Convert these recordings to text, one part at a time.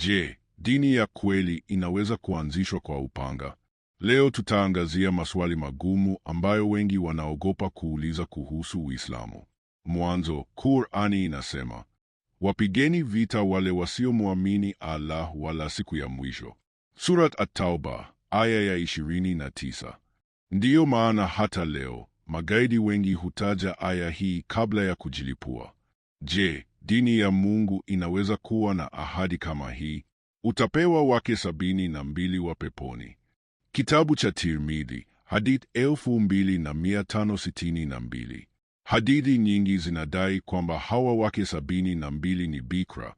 Je, dini ya kweli inaweza kuanzishwa kwa upanga? Leo tutaangazia maswali magumu ambayo wengi wanaogopa kuuliza kuhusu Uislamu. Mwanzo, Qur'ani inasema, wapigeni vita wale wasiomwamini Allah wala siku ya mwisho. Surat At-Tauba aya ya 29. Ndiyo maana hata leo magaidi wengi hutaja aya hii kabla ya kujilipua. Je, dini ya Mungu inaweza kuwa na ahadi kama hii, utapewa wake sabini na mbili wa peponi. Kitabu cha Tirmidhi, hadith elfu mbili na mia tano sitini na mbili. Hadithi nyingi zinadai kwamba hawa wake sabini na mbili ni bikra,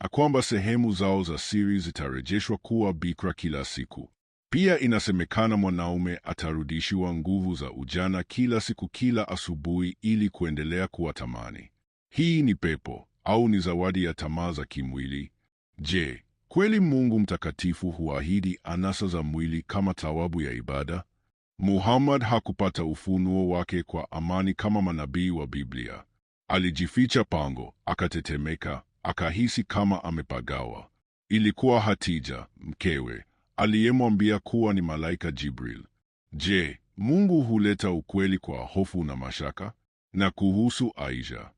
na kwamba sehemu zao za siri zitarejeshwa kuwa bikra kila siku. Pia inasemekana mwanaume atarudishiwa nguvu za ujana kila siku, kila asubuhi, ili kuendelea kuwa tamani. Hii ni pepo au ni zawadi ya tamaa za kimwili? Je, kweli Mungu mtakatifu huahidi anasa za mwili kama thawabu ya ibada? Muhammad hakupata ufunuo wake kwa amani kama manabii wa Biblia. Alijificha pango, akatetemeka, akahisi kama amepagawa. Ilikuwa Hatija mkewe aliyemwambia kuwa ni malaika Jibril. Je, Mungu huleta ukweli kwa hofu na mashaka? Na kuhusu Aisha,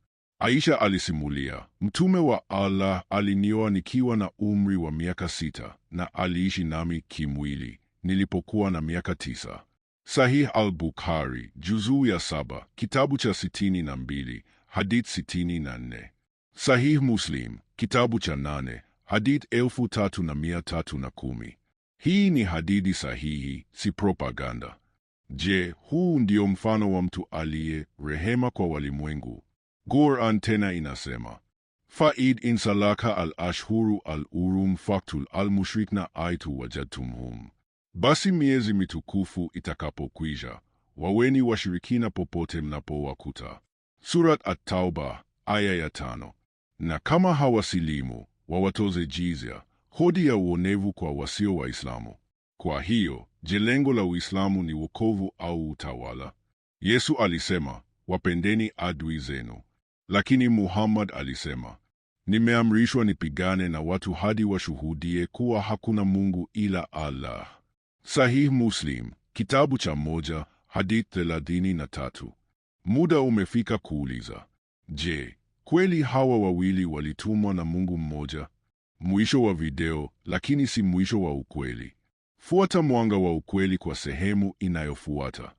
Aisha alisimulia, Mtume wa Allah alinioa nikiwa na umri wa miaka sita na aliishi nami kimwili nilipokuwa na miaka tisa. Sahih al-Bukhari juzuu ya saba kitabu cha sitini na mbili hadith sitini na nne. Sahih Muslim kitabu cha nane hadith elfu tatu na mia tatu na kumi. Hii ni hadithi sahihi, si propaganda. Je, huu ndio mfano wa mtu aliye rehema kwa walimwengu Gur tena inasema faid insalaka al ashhuru al urum faktul al mushrikna aitu wajadtumhum, basi miezi mitukufu itakapokwisha waweni washirikina popote mnapowakuta. Surat At-Tauba aya ya tano. Na kama hawasilimu wawatoze jizya, hodi ya uonevu kwa wasio Waislamu. Kwa hiyo je, lengo la Uislamu ni wokovu au utawala? Yesu alisema wapendeni adui zenu. Lakini Muhammad alisema, nimeamrishwa nipigane na watu hadi washuhudie kuwa hakuna Mungu ila Allah. Sahih Muslim, kitabu cha moja, hadith thelathini na tatu. Muda umefika kuuliza, je, kweli hawa wawili walitumwa na Mungu mmoja? Mwisho wa video, lakini si mwisho wa ukweli. Fuata Mwanga wa Ukweli kwa sehemu inayofuata.